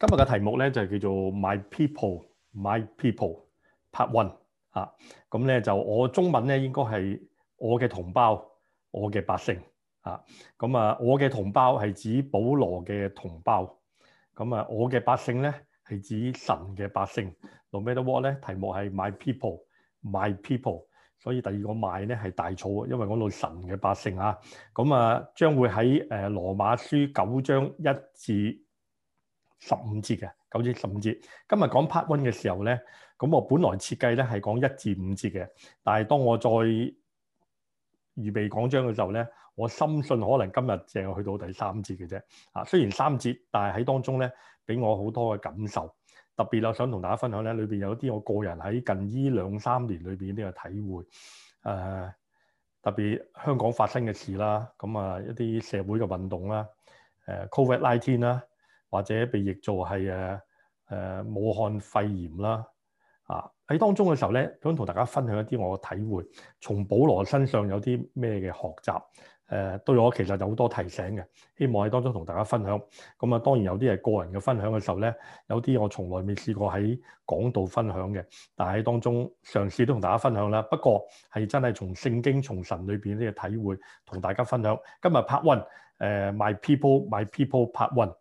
今日嘅題目咧就係叫做 My People, My People, Part One 啊，咁、嗯、咧就我中文咧應該係我嘅同胞，我嘅百姓啊，咁啊我嘅同胞係指保羅嘅同胞，咁啊我嘅百姓咧係指神嘅百姓。No matter what 咧，題目係 My People, My People，所以第二個 My 咧係大草，因為講到神嘅百姓啊，咁啊將會喺誒羅馬書九章一至十五節嘅九節十五節，今日講 Part One 嘅時候咧，咁我本來設計咧係講一至五節嘅，但係當我再預備講章嘅時候咧，我深信可能今日凈係去到第三節嘅啫。啊，雖然三節，但係喺當中咧俾我好多嘅感受，特別我想同大家分享咧，裏邊有啲我個人喺近依兩三年裏邊啲嘅體會，誒、呃、特別香港發生嘅事啦，咁、呃、啊一啲社會嘅運動啦，誒、呃、COVID-19 啦。19, 或者被譯做係誒誒武漢肺炎啦，啊喺當中嘅時候咧，想同大家分享一啲我嘅體會，從保羅身上有啲咩嘅學習誒、呃，對我其實有好多提醒嘅，希望喺當中同大家分享。咁、嗯、啊，當然有啲係個人嘅分享嘅時候咧，有啲我從來未試過喺講道分享嘅，但係喺當中嘗試都同大家分享啦。不過係真係從聖經、從神裏邊呢個體會同大家分享。今日拍 One 誒 My People，My People 拍 One。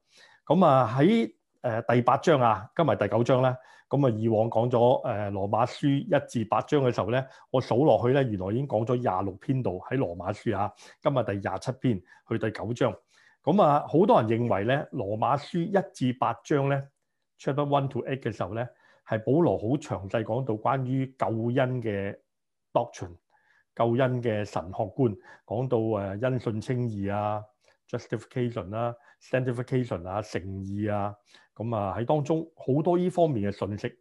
咁啊喺誒第八章啊，加埋第九章咧、啊，咁、嗯、啊以往講咗誒羅馬書一至八章嘅時候咧，我數落去咧，原來已經講咗廿六篇度喺羅馬書啊，今日第廿七篇去第九章。咁啊，好多人認為咧，羅馬書一至八章咧，Chapter one to eight 嘅時候咧，係、啊嗯嗯、保羅好詳細講到關於救恩嘅 doctrine、救恩嘅神學觀，講到誒因、啊、信稱義啊。justification 啦 sanctification 啊，誠意啊，咁啊喺當中好多依方面嘅信息。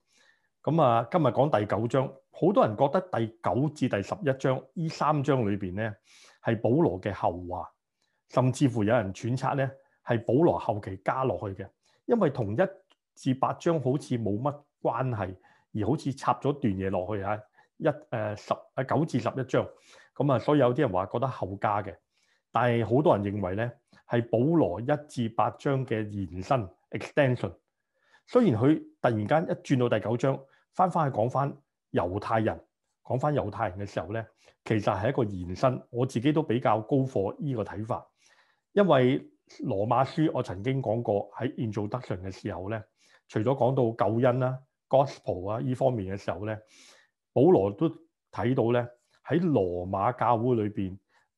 咁啊，今日講第九章，好多人覺得第九至第十一章依三章裏邊咧係保羅嘅後話，甚至乎有人揣測咧係保羅後期加落去嘅，因為同一至八章好似冇乜關係，而好似插咗段嘢落去啊，一誒十啊九至十一章，咁啊，所以有啲人話覺得後加嘅。但係好多人認為咧，係保羅一至八章嘅延伸 (extension)。雖然佢突然間一轉到第九章，翻翻去講翻猶太人，講翻猶太人嘅時候咧，其實係一個延伸。我自己都比較高火依個睇法，因為羅馬書我曾經講過喺 introduction 嘅時候咧，除咗講到救恩啦、啊、gospel 啊依方面嘅時候咧，保羅都睇到咧喺羅馬教會裏邊。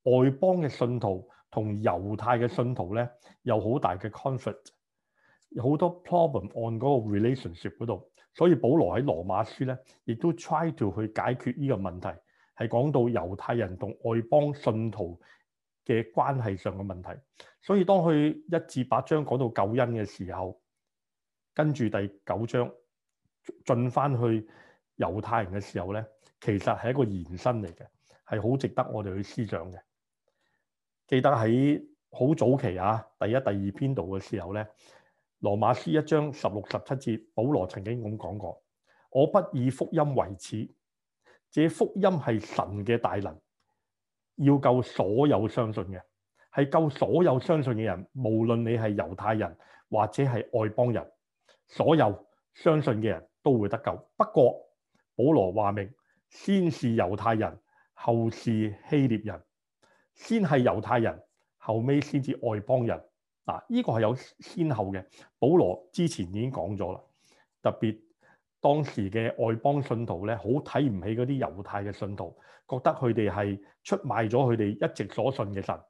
外邦嘅信徒同猶太嘅信徒咧，有好大嘅 conflict，有好多 problem on 嗰個 relationship 度，所以保羅喺羅馬書咧，亦都 try to 去解決呢個問題，係講到猶太人同外邦信徒嘅關係上嘅問題，所以當佢一至八章講到救恩嘅時候，跟住第九章進翻去猶太人嘅時候咧，其實係一個延伸嚟嘅，係好值得我哋去思想嘅。記得喺好早期啊，第一、第二篇度嘅時候咧，《羅馬書》一章十六、十七節，保羅曾經咁講過：我不以福音為恥，這福音係神嘅大能，要救所有相信嘅，係救所有相信嘅人，無論你係猶太人或者係外邦人，所有相信嘅人都會得救。不過，保羅話明，先是猶太人，後是希臘人。先係猶太人，後尾先至外邦人嗱。依個係有先後嘅。保羅之前已經講咗啦，特別當時嘅外邦信徒咧，好睇唔起嗰啲猶太嘅信徒，覺得佢哋係出賣咗佢哋一直所信嘅神。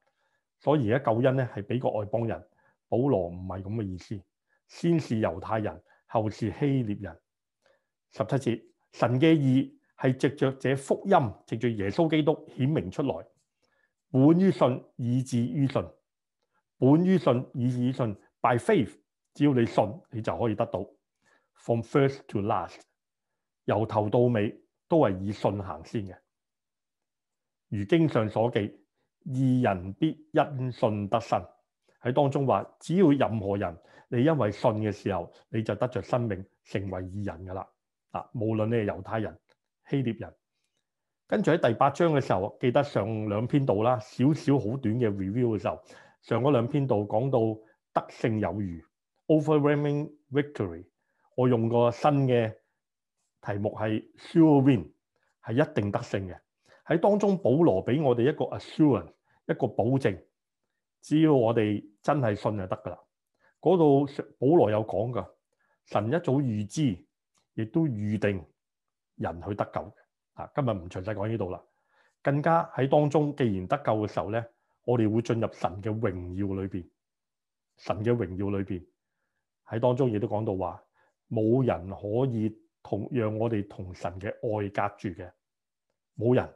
所以而家救恩咧係俾個外邦人。保羅唔係咁嘅意思。先是猶太人，後是希臘人。十七節，神嘅義係藉着，着這福音，藉著耶穌基督顯明出來。本於信以至於信，本於信以以信。By faith，只要你信，你就可以得到。From first to last，由頭到尾都係以信行先嘅。如經上所記，義人必因信得生。喺當中話，只要任何人，你因為信嘅時候，你就得着生命，成為義人㗎喇。啊，無論你係猶太人、希臘人。跟住喺第八章嘅時候，記得上兩篇度啦，少少好短嘅 review 嘅時候，上嗰兩篇度講到得勝有餘 （overwhelming victory），我用過個新嘅題目係 sure win，係一定得勝嘅。喺當中保羅俾我哋一個 assurance，一個保證，只要我哋真係信就得噶啦。嗰度保羅有講噶，神一早預知，亦都預定人去得救。啊！今日唔詳細講呢度啦，更加喺當中，既然得救嘅時候咧，我哋會進入神嘅榮耀裏邊，神嘅榮耀裏邊喺當中說說，亦都講到話，冇人可以同讓我哋同神嘅愛隔住嘅，冇人，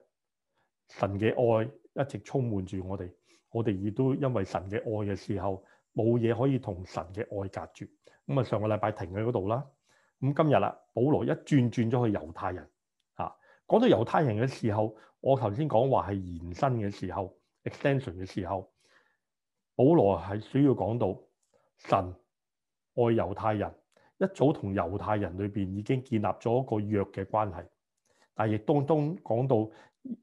神嘅愛一直充滿住我哋，我哋亦都因為神嘅愛嘅時候，冇嘢可以同神嘅愛隔住。咁啊，上個禮拜停喺嗰度啦，咁今日啦，保羅一轉轉咗去猶太人。講到猶太人嘅時候，我頭先講話係延伸嘅時候，extension 嘅時候，保羅係主要講到神愛猶太人，一早同猶太人裏邊已經建立咗一個約嘅關係，但亦當中講到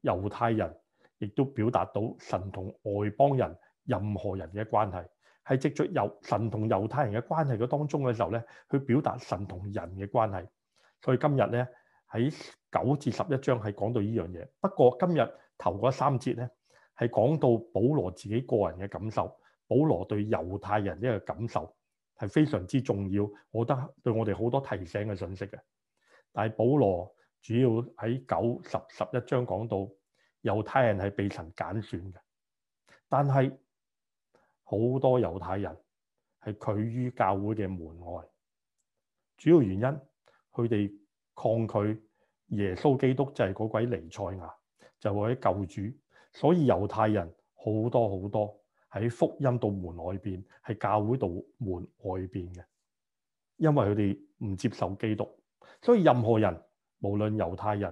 猶太人亦都表達到神同外邦人任何人嘅關係，係藉着猶神同猶太人嘅關係嘅當中嘅時候咧，去表達神同人嘅關係，所以今日咧。喺九至十一章係講到呢樣嘢，不過今日頭嗰三節咧係講到保羅自己個人嘅感受，保羅對猶太人一個感受係非常之重要，我覺得對我哋好多提醒嘅信息嘅。但係保羅主要喺九十十一章講到猶太人係被神揀選嘅，但係好多猶太人係拒於教會嘅門外，主要原因佢哋，抗拒耶穌基督就係嗰鬼尼賽亞，就係嗰啲救主。所以猶太人好多好多喺福音道門外邊，係教會道門外邊嘅，因為佢哋唔接受基督。所以任何人，無論猶太人、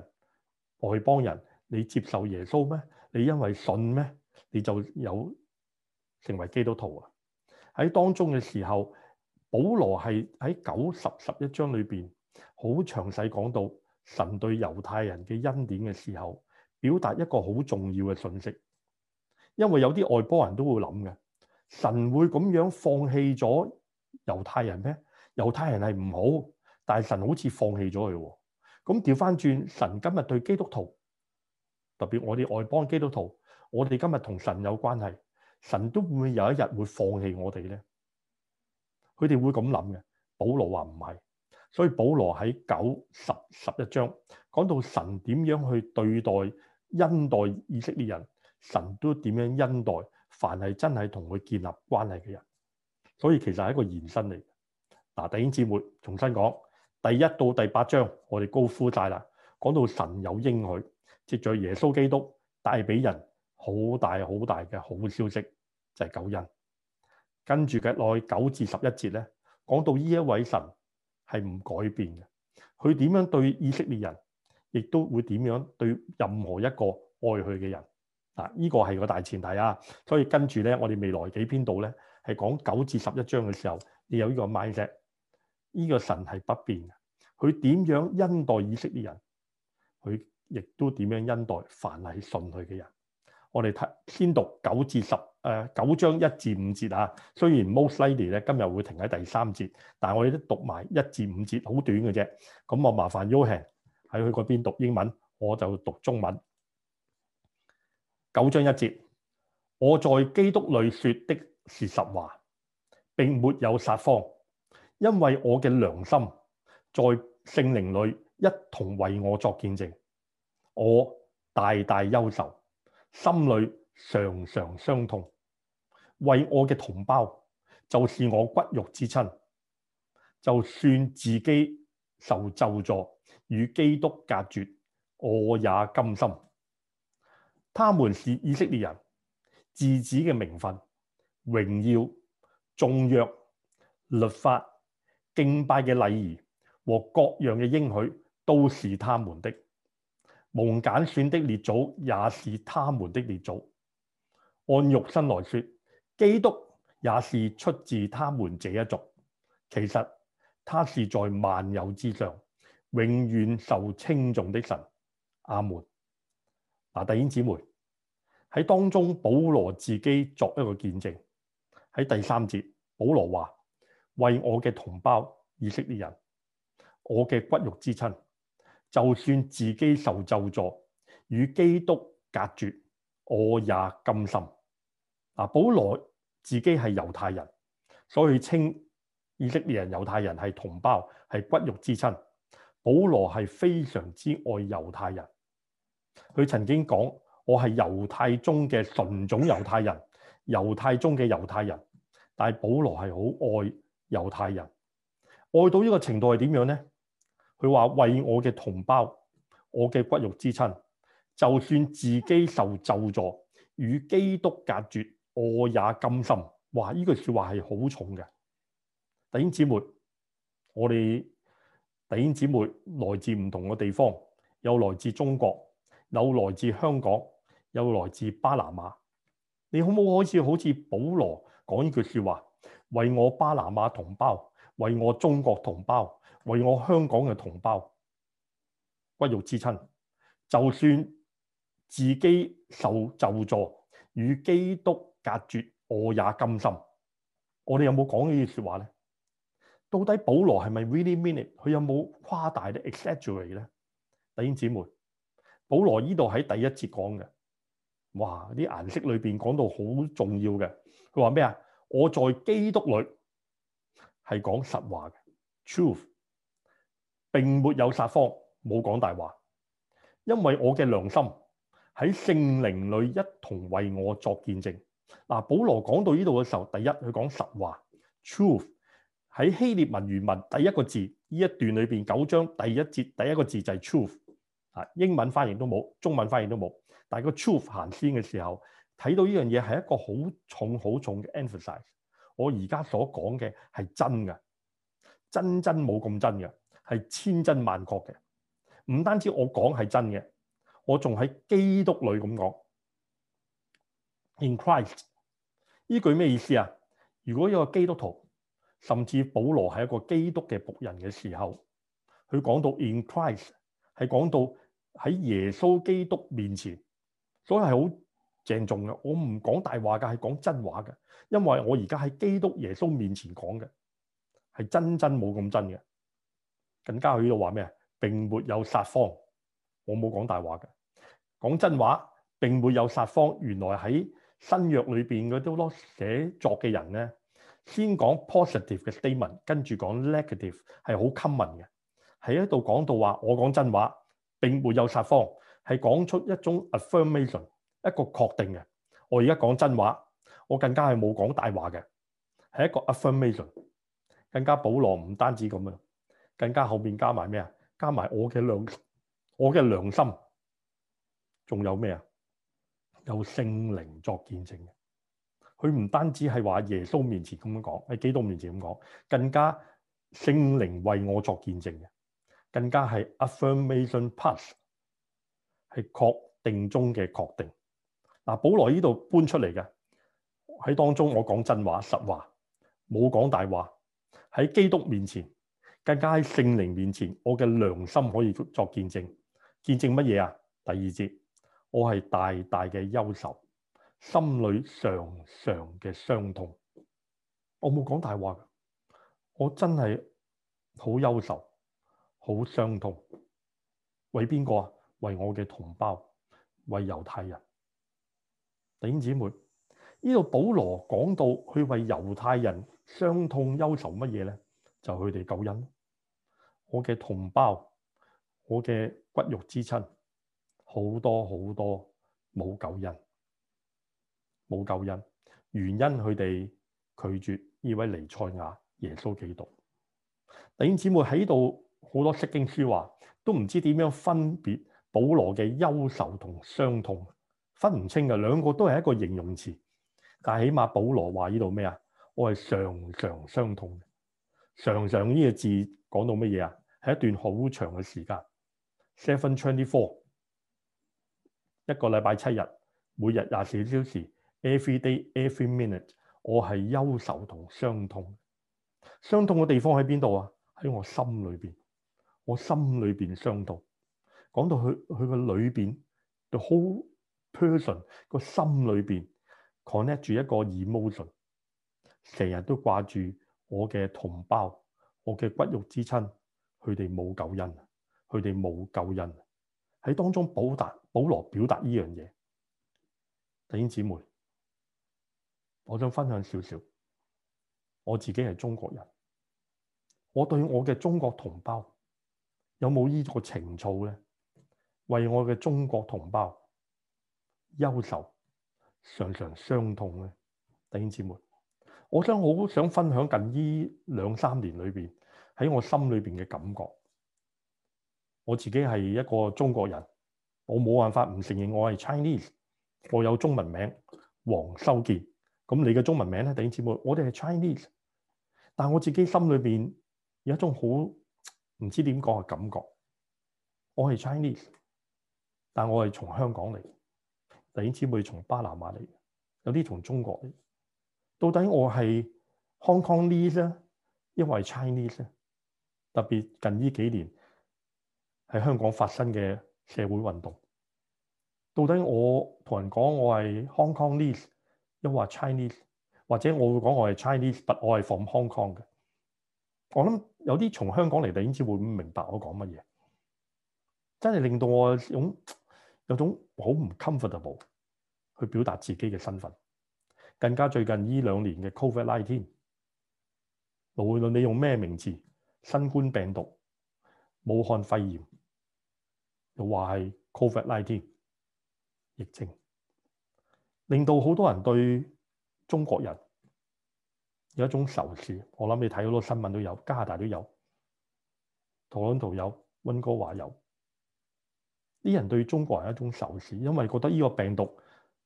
外邦人，你接受耶穌咩？你因為信咩？你就有成為基督徒啊！喺當中嘅時候，保羅係喺九十十一章裏邊。好詳細講到神對猶太人嘅恩典嘅時候，表達一個好重要嘅信息。因為有啲外邦人都會諗嘅，神會咁樣放棄咗猶太人咩？猶太人係唔好，但係神好似放棄咗佢。咁調返轉，神今日對基督徒，特別我哋外邦基督徒，我哋今日同神有關係，神都會唔會有一日會放棄我哋咧？佢哋會咁諗嘅。保羅話唔係。所以保羅喺九、十、十一章講到神點樣去對待恩待以色列人，神都點樣恩待凡係真係同佢建立關係嘅人。所以其實係一個延伸嚟。嗱，弟兄姊妹，重新講第一到第八章，我哋高呼晒啦，講到神有應許，接住耶穌基督帶俾人好大好大嘅好消息，就係救恩。跟住嘅內九至十一節咧，講到呢一位神。係唔改變嘅，佢點樣對以色列人，亦都會點樣對任何一個愛佢嘅人。嗱，依個係個大前提啊。所以跟住咧，我哋未來幾篇度咧，係講九至十一章嘅時候，你有依個 mindset，依個神係不變嘅。佢點樣恩待以色列人，佢亦都點樣恩待凡係信佢嘅人。我哋睇先讀九至十、誒、呃、九章一至五節啊。雖然 most likely 咧今日會停喺第三節，但係我哋都讀埋一至五節，好短嘅啫。咁我麻煩 Yohan 喺佢嗰邊讀英文，我就讀中文。九章一節，我在基督裏説的是實話，並沒有撒謊，因為我嘅良心在聖靈裏一同為我作見證。我大大憂愁。心裏常常傷痛，為我嘅同胞，就是我骨肉之親。就算自己受咒詛，與基督隔絕，我也甘心。他們是以色列人，自子嘅名分、榮耀、眾約、律法、敬拜嘅禮儀和各樣嘅應許，都是他們的。蒙揀選的列祖也是他們的列祖，按肉身來說，基督也是出自他們這一族。其實他是在萬有之上，永遠受稱頌的神。阿門。嗱，弟兄姊妹喺當中，保羅自己作一個見證。喺第三節，保羅話：為我嘅同胞以色列人，我嘅骨肉之親。就算自己受咒詛，與基督隔絕，我也甘心。保羅自己係猶太人，所以稱以色列人、猶太人係同胞，係骨肉之親。保羅係非常之愛猶太人，佢曾經講：我係猶太中嘅純種猶太人，猶太中嘅猶太人。但係保羅係好愛猶太人，愛到呢個程度係點樣呢？佢話：為我嘅同胞，我嘅骨肉之親，就算自己受咒詛，與基督隔絕，我也甘心。哇！呢句説話係好重嘅。弟兄姊妹，我哋弟兄姊妹來自唔同嘅地方，有來自中國，有來自香港，有來自巴拿馬。你可唔可以好似保羅講呢句説話？為我巴拿馬同胞，為我中國同胞。為我香港嘅同胞，骨肉之親，就算自己受咒詛，與基督隔絕，我也甘心。我哋有冇講呢啲說話咧？到底保羅係咪 really mean it？佢有冇誇大咧？exaggerate 咧？弟兄姊妹，保羅呢度喺第一節講嘅，哇！啲顏色裏邊講到好重要嘅。佢話咩啊？我在基督裏係講實話嘅，truth。並沒有撒謊，冇講大話，因為我嘅良心喺聖靈裏一同為我作見證。嗱，保羅講到呢度嘅時候，第一佢講實話，truth 喺希臘文原文第一個字呢一段裏邊九章第一節第一個字就係 truth，啊，英文翻譯都冇，中文翻譯都冇，但係個 truth 行先嘅時候，睇到呢樣嘢係一個好重好重嘅 emphasize 我而家所講嘅係真嘅，真真冇咁真嘅。係千真萬確嘅，唔單止我講係真嘅，我仲喺基督裏咁講。In Christ，呢句咩意思啊？如果一個基督徒，甚至保羅係一個基督嘅僕人嘅時候，佢講到 In Christ 係講到喺耶穌基督面前，所以係好鄭重嘅。我唔講大話㗎，係講真話嘅，因為我而家喺基督耶穌面前講嘅係真真冇咁真嘅。更加喺度話咩啊？並沒有撒謊，我冇講大話嘅。講真話並沒有撒謊。原來喺新約裏邊嗰啲咯，寫作嘅人咧，先講 positive 嘅 statement，跟住講 negative 係好 common 嘅。喺一度講到話，我講真話並沒有撒謊，係講出一種 affirmation，一個確定嘅。我而家講真話，我更加係冇講大話嘅，係一個 affirmation。更加保羅唔單止咁樣。更加後面加埋咩啊？加埋我嘅良我嘅良心，仲有咩啊？有聖靈作見證嘅，佢唔單止係話耶穌面前咁樣講，喺基督面前咁講，更加聖靈為我作見證嘅，更加係 affirmation pass 係確定中嘅確定。嗱，保羅呢度搬出嚟嘅喺當中，我講真話實話，冇講大話喺基督面前。大家喺聖靈面前，我嘅良心可以作見證，見證乜嘢啊？第二節，我係大大嘅憂愁，心裏常常嘅傷痛。我冇講大話，我真係好憂愁，好傷痛。為邊個啊？為我嘅同胞，為猶太人。弟兄姊妹，呢度保羅講到去為猶太人傷痛憂愁乜嘢咧？就佢哋救恩。我嘅同胞，我嘅骨肉之親，好多好多冇救恩，冇救恩。原因佢哋拒絕呢位尼賽亞耶穌基督。弟兄姊妹喺度好多釋經書話，都唔知點樣分別保羅嘅憂愁同傷痛，分唔清嘅兩個都係一個形容詞。但係起碼保羅話呢度咩啊？我係常常傷痛。常常呢個字講到乜嘢啊？係一段好長嘅時間，seven twenty four，一個禮拜七日，每日廿四小時，every day every minute，我係憂愁同傷痛。傷痛嘅地方喺邊度啊？喺我心裏邊，我心裏邊傷痛。講到佢佢個裏邊，the whole person 個心裏邊 connect 住一個 emotion，成日都掛住。我嘅同胞，我嘅骨肉之親，佢哋冇救恩，佢哋冇救恩。喺當中保達表達保羅表達呢樣嘢，弟兄姐、姐妹，我想分享少少。我自己係中國人，我對我嘅中國同胞有冇呢個情操呢？為我嘅中國同胞憂愁，常常傷痛咧，弟兄姐、姐妹。我想好想分享近呢兩三年裏邊喺我心裏邊嘅感覺。我自己係一個中國人，我冇辦法唔承認我係 Chinese，我有中文名黃修傑。咁你嘅中文名咧，弟兄姊妹，我哋係 Chinese，但係我自己心裏邊有一種好唔知點講嘅感覺。我係 Chinese，但係我係從香港嚟，弟兄姊妹從巴拿馬嚟，有啲從中國嚟。到底我係 Hong Kongese，抑或 Chinese？特別近依幾年喺香港發生嘅社會運動，到底我同人講我係 Hong Kongese，抑或 Chinese？或者我會講我係 Chinese，但係我係 from Hong Kong 嘅。我諗有啲從香港嚟嘅先至會明白我講乜嘢。真係令到我有種有種好唔 comfortable 去表達自己嘅身份。更加最近呢兩年嘅 Covid-19，無論你用咩名字，新冠病毒、武漢肺炎，又話係 Covid-19 疫情，令到好多人對中國人有一種仇視。我諗你睇好多新聞都有，加拿大都有，圖倫圖有，溫哥華有，啲人對中國人有一種仇視，因為覺得呢個病毒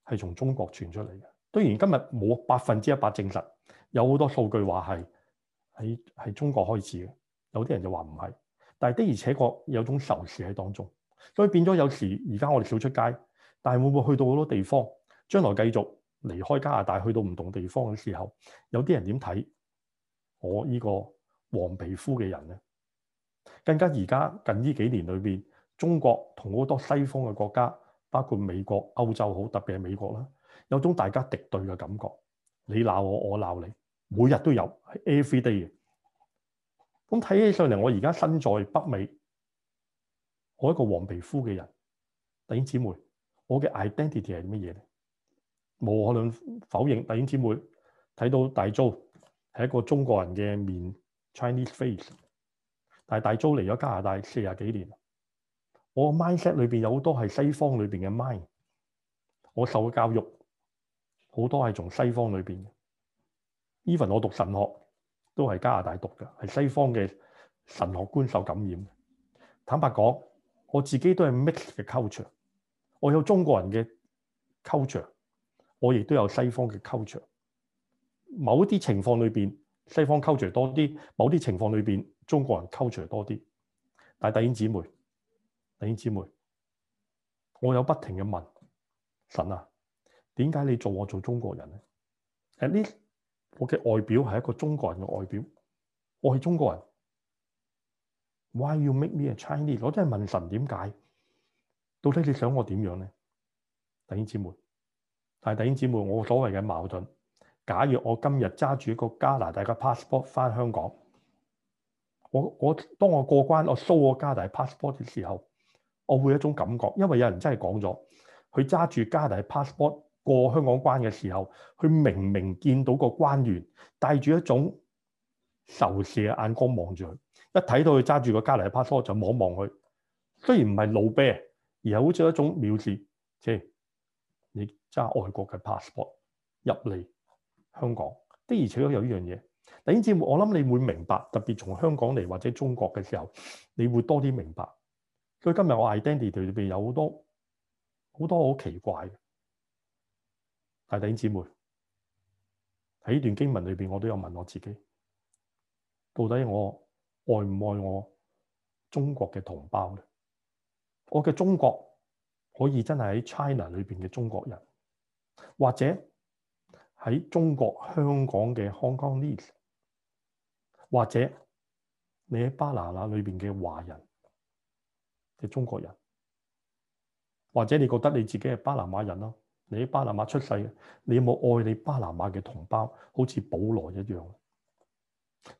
係從中國傳出嚟嘅。當然今日冇百分之一百證實，有好多數據話係喺係中國開始嘅，有啲人就話唔係，但係的而且確有種仇視喺當中，所以變咗有時而家我哋少出街，但係會唔會去到好多地方？將來繼續離開加拿大去到唔同地方嘅時候，有啲人點睇我呢個黃皮膚嘅人咧？更加而家近呢幾年裏邊，中國同好多西方嘅國家，包括美國、歐洲好，特別係美國啦。有種大家敵對嘅感覺，你鬧我，我鬧你，每日都有，every day 嘅。咁睇起上嚟，我而家身在北美，我一個黃皮膚嘅人，弟兄姊妹，我嘅 identity 係乜嘢咧？無可否認。弟兄姊妹睇到大租係一個中國人嘅面 （Chinese face），但係大租嚟咗加拿大四十幾年，我 mindset 裏邊有好多係西方裏邊嘅 mind，我受嘅教育。好多係從西方裏面嘅，even 我讀神學都係加拿大讀嘅，係西方嘅神學觀受感染。坦白講，我自己都係 mixed 嘅 culture，我有中國人嘅 culture，我亦都有西方嘅 culture。某啲情況裏邊，西方 culture 多啲；某啲情況裏邊，中國人 culture 多啲。但弟兄姊妹，弟兄姊妹，我有不停嘅問神啊。點解你做我做中國人咧？At least 我嘅外表係一個中國人嘅外表，我係中國人。Why you make me a Chinese？我真係問神，點解？到底你想我點樣咧？弟兄姊妹，但係弟兄姊妹，我所謂嘅矛盾，假如我今日揸住一個加拿大嘅 passport 翻香港，我我當我過關我 show 我加拿大 passport 嘅時候，我會有一種感覺，因為有人真係講咗，佢揸住加拿大 passport。過香港關嘅時候，佢明明見到個官員帶住一種仇視嘅眼光望住佢，一睇到佢揸住個加拿大 passport 就望望佢。雖然唔係怒啤，而係好似一種藐視，即係你揸外國嘅 passport 入嚟香港。的而且確有呢樣嘢。第二，我諗你會明白，特別從香港嚟或者中國嘅時候，你會多啲明白。所以今日我嘅 identity 裏邊有好多好多好奇怪弟弟姐妹，喺呢段經文裏面，我都有問我自己：到底我愛唔愛我中國嘅同胞呢？我嘅中國可以真係喺 China 裏面嘅中國人，或者喺中國香港嘅 Hong Kongese，或者你喺巴拿馬裏面嘅華人嘅中國人，或者你覺得你自己係巴拿馬人咯？你喺巴拿馬出世嘅，你有冇愛你巴拿馬嘅同胞？好似保羅一樣，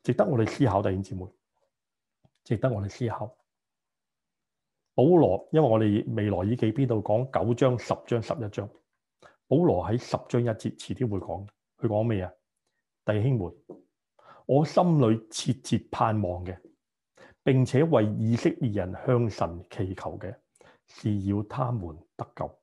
值得我哋思考。弟兄姊妹，值得我哋思考。保羅，因為我哋未來依記邊度講九章、十章、十一章，保羅喺十章一節遲，遲啲會講。佢講咩啊？弟兄們，我心裡切切盼望嘅，並且為以色列人向神祈求嘅，是要他們得救。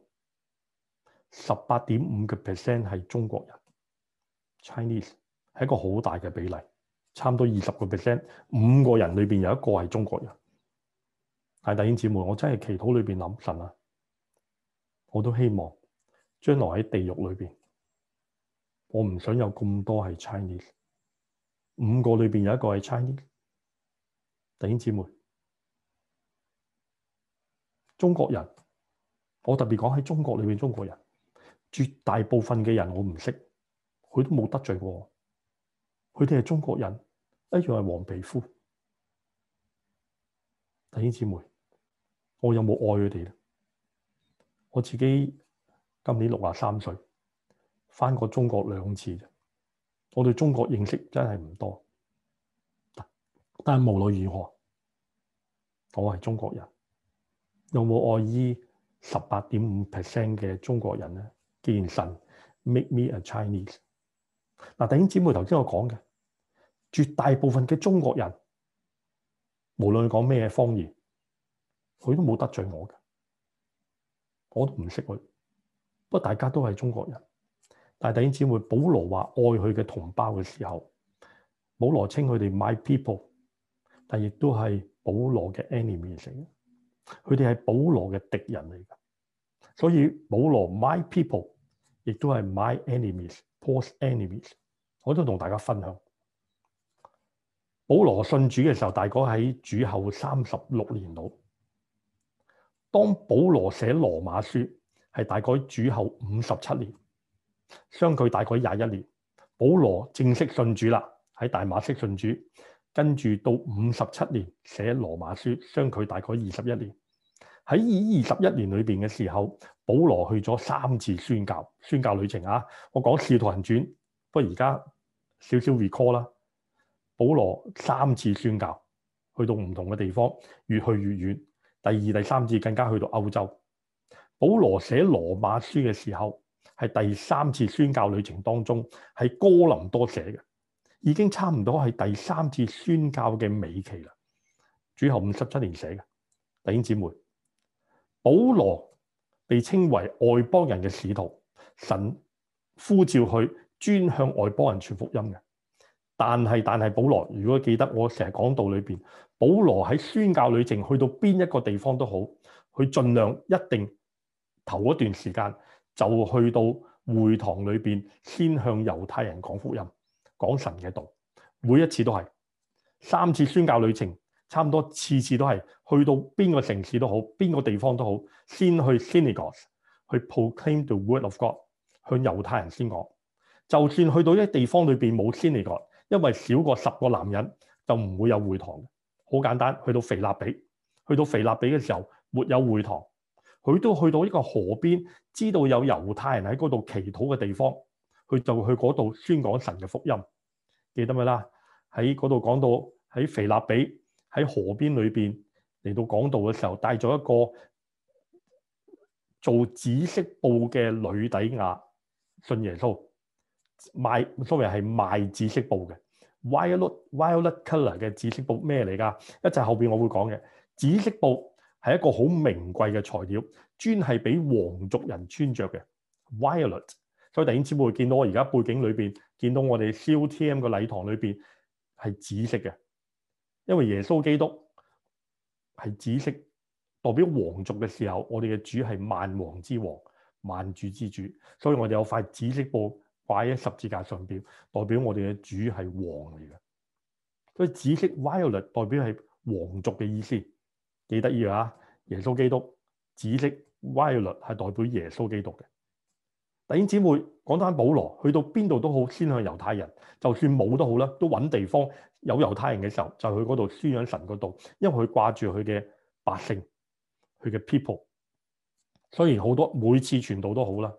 十八點五嘅 percent 係中國人，Chinese 係一個好大嘅比例，差唔多二十個 percent，五個人裏邊有一個係中國人。係弟兄姊妹，我真係祈禱裏邊諗神啊，我都希望將來喺地獄裏邊，我唔想有咁多係 Chinese，五個裏邊有一個係 Chinese。弟兄姊妹，中國人，我特別講喺中國裏邊中國人。絕大部分嘅人我唔識，佢都冇得罪過我，佢哋係中國人，一樣係黃皮膚。弟兄姊妹，我有冇愛佢哋咧？我自己今年六十三歲，返過中國兩次啫，我對中國認識真係唔多，但，但無論如何，我係中國人，有冇愛依十八點五 percent 嘅中國人咧？既然神 make me a Chinese 嗱、啊，弟兄姊妹，頭先我講嘅，絕大部分嘅中國人無論講咩方言，佢都冇得罪我嘅，我都唔識佢，不過大家都係中國人。但係弟兄姊妹，保羅話愛佢嘅同胞嘅時候，保羅稱佢哋 my people，但亦都係保羅嘅 enemy 嚟嘅，佢哋係保羅嘅敵人嚟嘅。所以保羅 my people 亦都係 my enemies, post enemies。Ies，我都同大家分享。保羅信主嘅時候，大概喺主後三十六年度。當保羅寫羅馬書，係大概主後五十七年，相距大概廿一年。保羅正式信主啦，喺大馬色信主，跟住到五十七年寫羅馬書，相距大概二十一年。喺二十一年裏邊嘅時候，保羅去咗三次宣教宣教旅程啊！我講《使徒行傳》，不過而家少少 recall 啦。保羅三次宣教，去到唔同嘅地方，越去越遠。第二、第三次更加去到歐洲。保羅寫羅馬書嘅時候，係第三次宣教旅程當中，喺哥林多寫嘅，已經差唔多係第三次宣教嘅尾期啦。主後五十七年寫嘅，弟兄姊妹。保羅被稱為外邦人嘅使徒，神呼召佢專向外邦人傳福音嘅。但係但係保羅，如果記得我成日講道裏邊，保羅喺宣教旅程去到邊一個地方都好，佢盡量一定頭一段時間就去到會堂裏邊，先向猶太人講福音，講神嘅道。每一次都係，三次宣教旅程。差唔多次次都係去到邊個城市都好，邊個地方都好，先去 synagogue 去 proclaim the word of God 向猶太人先講。就算去到一啲地方裏邊冇 synagogue，因為少過十個男人就唔會有會堂。好簡單，去到腓立比，去到腓立比嘅時候沒有會堂，佢都去到一個河邊，知道有猶太人喺嗰度祈禱嘅地方，佢就去嗰度宣講神嘅福音。記得咪啦？喺嗰度講到喺腓立比。喺河邊裏邊嚟到講道嘅時候，帶咗一個做紫色布嘅女底亞信耶穌賣，所謂係賣紫色布嘅 violet violet color 嘅紫色布咩嚟㗎？一陣後邊我會講嘅紫色布係一個好名貴嘅材料，專係俾皇族人穿着嘅 violet。所以突然張紙簿見到我而家背景裏邊見到我哋 CTM 嘅禮堂裏邊係紫色嘅。因為耶穌基督係紫色代表王族嘅時候，我哋嘅主係萬王之王，萬主之主，所以我哋有塊紫色布擺喺十字架上邊，代表我哋嘅主係王嚟嘅。所以紫色 violet 代表係王族嘅意思，幾得意啊！耶穌基督紫色 violet 係代表耶穌基督嘅。弟兄姊妹，講翻保羅去到邊度都好，先向猶太人，就算冇都好啦，都揾地方有猶太人嘅時候，就去嗰度宣揚神嘅道，因為佢掛住佢嘅百姓，佢嘅 people。雖然好多每次傳道都好啦，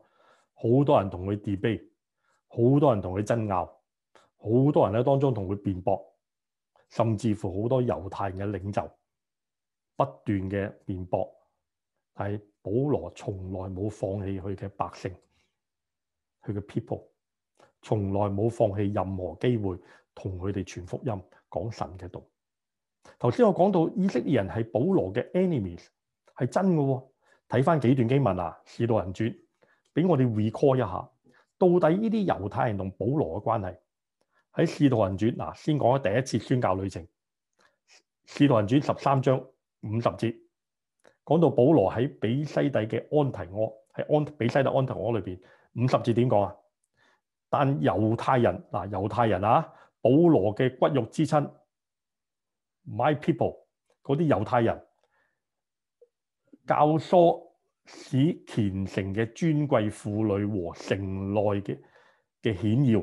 好多人同佢 debate，好多人同佢爭拗，好多人喺當中同佢辯駁，甚至乎好多猶太人嘅領袖不斷嘅辯駁，但係保羅從來冇放棄佢嘅百姓。佢嘅 people 從來冇放棄任何機會同佢哋傳福音，講神嘅道。頭先我講到以色列人係保羅嘅 enemies 係真嘅喎、哦。睇返幾段經文啊，《使徒行傳》俾我哋 recall 一下，到底呢啲猶太人同保羅嘅關係喺《使徒行傳》嗱，先講咗第一次宣教旅程，《使徒行傳》十三章五十節講到保羅喺彼西底嘅安提阿，喺安彼西底安提阿裏邊。五十字點講啊？但猶太人嗱，猶太人啊，保羅嘅骨肉之親，My people，嗰啲猶太人教唆使虔誠嘅尊貴婦女和城內嘅嘅顯要，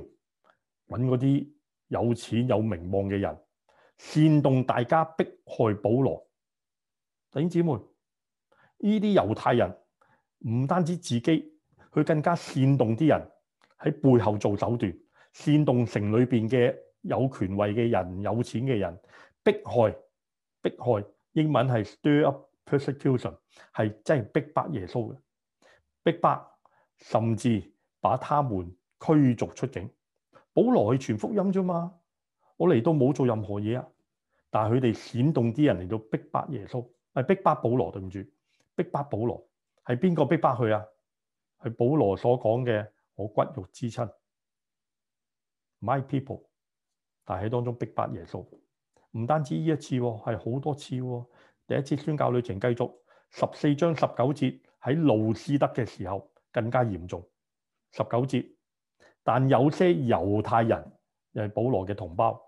揾嗰啲有錢有名望嘅人，煽動大家迫害保羅。弟兄姊妹，呢啲猶太人唔單止自己。佢更加煽動啲人喺背後做手段，煽動城裏邊嘅有權位嘅人、有錢嘅人逼害逼害。英文係 stir up persecution，係真係逼迫耶穌嘅逼迫，甚至把他們驅逐出境。保羅去傳福音啫嘛，我嚟到冇做任何嘢啊，但係佢哋煽動啲人嚟到逼迫耶穌，係逼迫保羅對唔住，逼迫保羅係邊個逼迫佢啊？係保羅所講嘅，我骨肉之親，my people，但係當中逼迫耶穌，唔單止呢一次喎，係好多次喎。第一次宣教旅程繼續，十四章十九節喺路斯德嘅時候更加嚴重。十九節，但有些猶太人，又係保羅嘅同胞，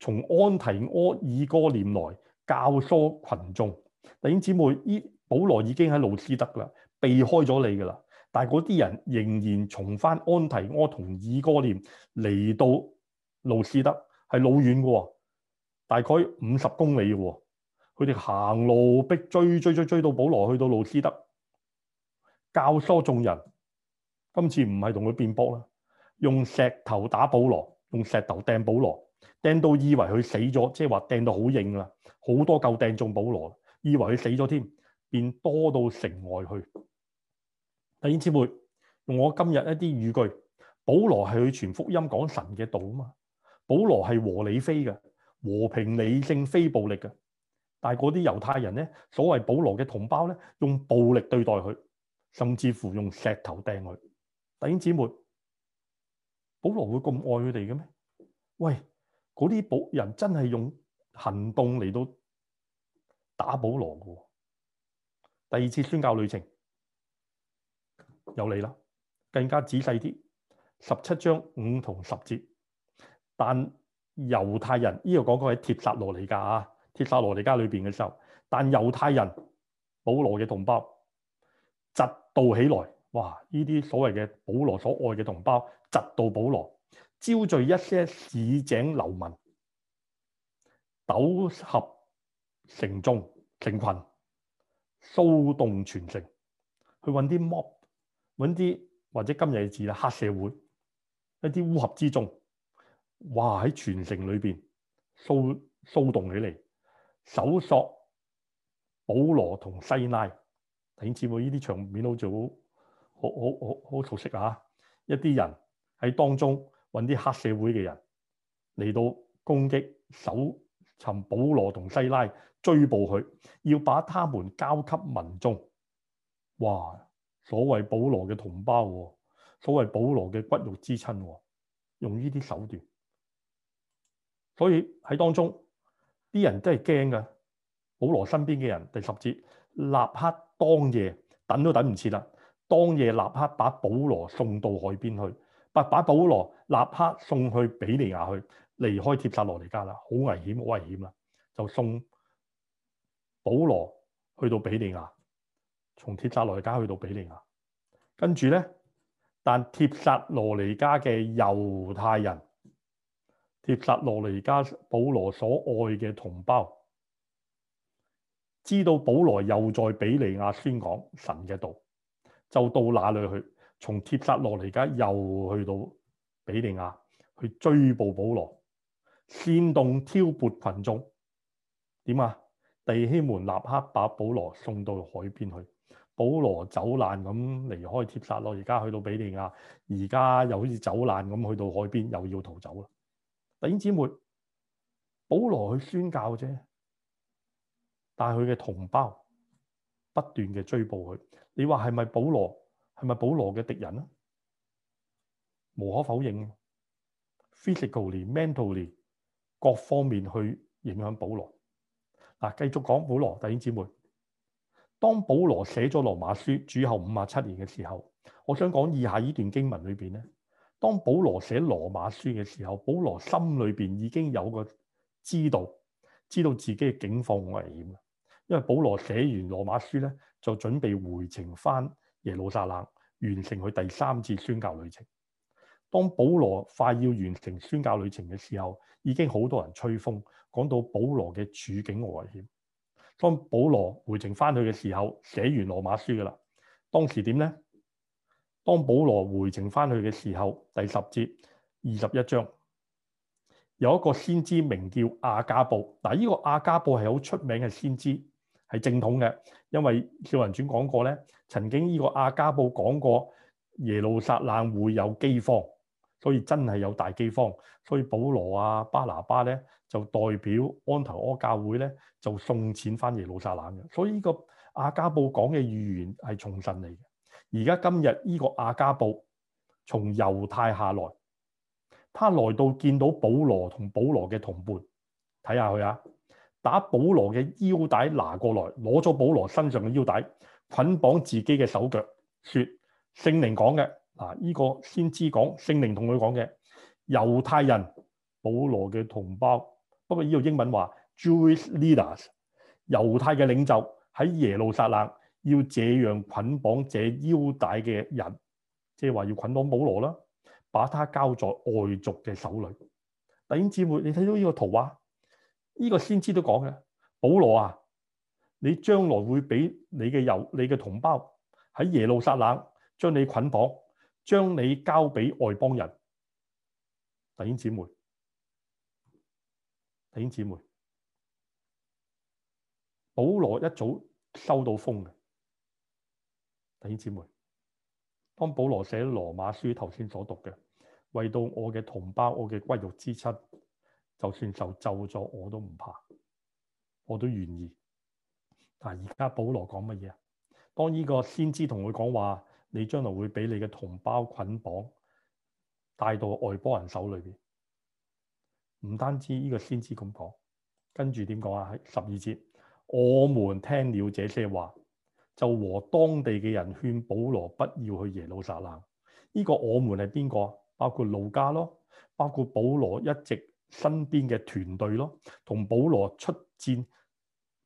從安提阿以哥念來教唆群眾。弟兄姊妹，依保羅已經喺路斯德啦，避開咗你噶啦。但係嗰啲人仍然重返安提阿同以哥念嚟到路斯德，係老遠嘅喎，大概五十公里嘅喎。佢哋行路逼追追追追到保羅去到路斯德，教唆眾人。今次唔係同佢辯駁啦，用石頭打保羅，用石頭掟保羅，掟到以為佢死咗，即係話掟到好硬啦，好多嚿掟中保羅，以為佢死咗添，便多到城外去。弟兄姊妹，用我今日一啲語句，保羅係去傳福音講神嘅道啊嘛，保羅係和理非嘅，和平理性非暴力嘅，但係嗰啲猶太人咧，所謂保羅嘅同胞咧，用暴力對待佢，甚至乎用石頭掟佢。弟兄姊妹，保羅會咁愛佢哋嘅咩？喂，嗰啲保人真係用行動嚟到打保羅嘅。第二次宣教旅程。有你啦，更加仔細啲，十七章五同十節。但猶太人呢度講句喺帖撒羅尼迦㗎啊，帖撒羅尼迦裏邊嘅時候，但猶太人，保羅嘅同胞，嫉妒起來，哇！呢啲所謂嘅保羅所愛嘅同胞，嫉妒保羅，招聚一些市井流民，糾合成眾成群，騷動全城，去揾啲魔。揾啲或者今日嘅字啦，黑社會一啲烏合之眾，哇！喺全城裏邊騷騷動起嚟，搜索保羅同西拉，似知呢啲場面好似好好好好好熟悉嚇、啊，一啲人喺當中揾啲黑社會嘅人嚟到攻擊，搜尋保羅同西拉，追捕佢，要把他們交給民眾，哇！所謂保羅嘅同胞，所謂保羅嘅骨肉之親，用呢啲手段，所以喺當中啲人真係驚嘅。保羅身邊嘅人，第十節，立刻當夜等都等唔切啦，當夜立刻把保羅送到海邊去，把把保羅立刻送去比尼亞去，離開帖撒羅尼加啦，好危險，好危險啦，就送保羅去到比尼亞。從帖撒羅尼加去到比利亞，跟住咧，但帖撒羅尼加嘅猶太人，帖撒羅尼加保羅所愛嘅同胞，知道保羅又在比利亞宣講神嘅道，就到哪裏去？從帖撒羅尼加又去到比利亞去追捕保羅，煽動挑撥群眾，點啊？弟兄們立刻把保羅送到海邊去。保羅走難咁離開帖撒羅。而家去到比利亞，而家又好似走難咁去到海邊，又要逃走啦。弟兄姊妹，保羅去宣教啫，但係佢嘅同胞不斷嘅追捕佢，你話係咪保羅係咪保羅嘅敵人啊？無可否認，physically、mentally 各方面去影響保羅。嗱，繼續講保羅，弟兄姊妹。當保羅寫咗羅馬書，主後五十七年嘅時候，我想講以下呢段經文裏邊咧，當保羅寫羅馬書嘅時候，保羅心裏邊已經有個知道，知道自己嘅境況危險。因為保羅寫完羅馬書咧，就準備回程返耶路撒冷，完成佢第三次宣教旅程。當保羅快要完成宣教旅程嘅時候，已經好多人吹風，講到保羅嘅處境危險。當保羅回程翻去嘅時候，寫完羅馬書㗎啦。當時點咧？當保羅回程翻去嘅時候，第十節二十一章有一個先知名叫亞加布。嗱，呢個亞加布係好出名嘅先知，係正統嘅，因為《聖經》講過咧，曾經呢個亞加布講過耶路撒冷會有饑荒，所以真係有大饑荒。所以保羅啊、巴拿巴咧。就代表安提阿教會咧，就送錢翻耶路撒冷嘅。所以呢個亞加布講嘅預言係從神嚟嘅。而家今日呢個亞加布從猶太下來，他來到見到保羅同保羅嘅同伴，睇下佢啊，打保羅嘅腰帶拿過來，攞咗保羅身上嘅腰帶捆綁自己嘅手腳，説聖靈講嘅嗱，呢、這個先知講聖靈同佢講嘅猶太人保羅嘅同胞。不過呢個英文話，Jewish leaders，猶太嘅領袖喺耶路撒冷要這樣捆綁這腰帶嘅人，即係話要捆綁保羅啦，把他交在外族嘅手裏。弟兄姊妹，你睇到呢個圖畫，呢個先知都講嘅，保羅啊，你將來會俾你嘅猶你嘅同胞喺耶路撒冷將你捆綁，將你交俾外邦人。弟兄姊妹。弟兄姊妹，保羅一早收到風嘅。弟兄姊妹，當保羅寫羅馬書，頭先所讀嘅，為到我嘅同胞，我嘅骨肉之親，就算受咒咗，我都唔怕，我都願意。嗱，而家保羅講乜嘢啊？當呢個先知同佢講話，你將來會俾你嘅同胞捆綁，帶到外邦人手裏邊。唔單止呢個先知咁講，跟住點講啊？十二節，我們聽了這些話，就和當地嘅人勸保羅不要去耶路撒冷。呢、這個我們係邊個？包括路加咯，包括保羅一直身邊嘅團隊咯，同保羅出戰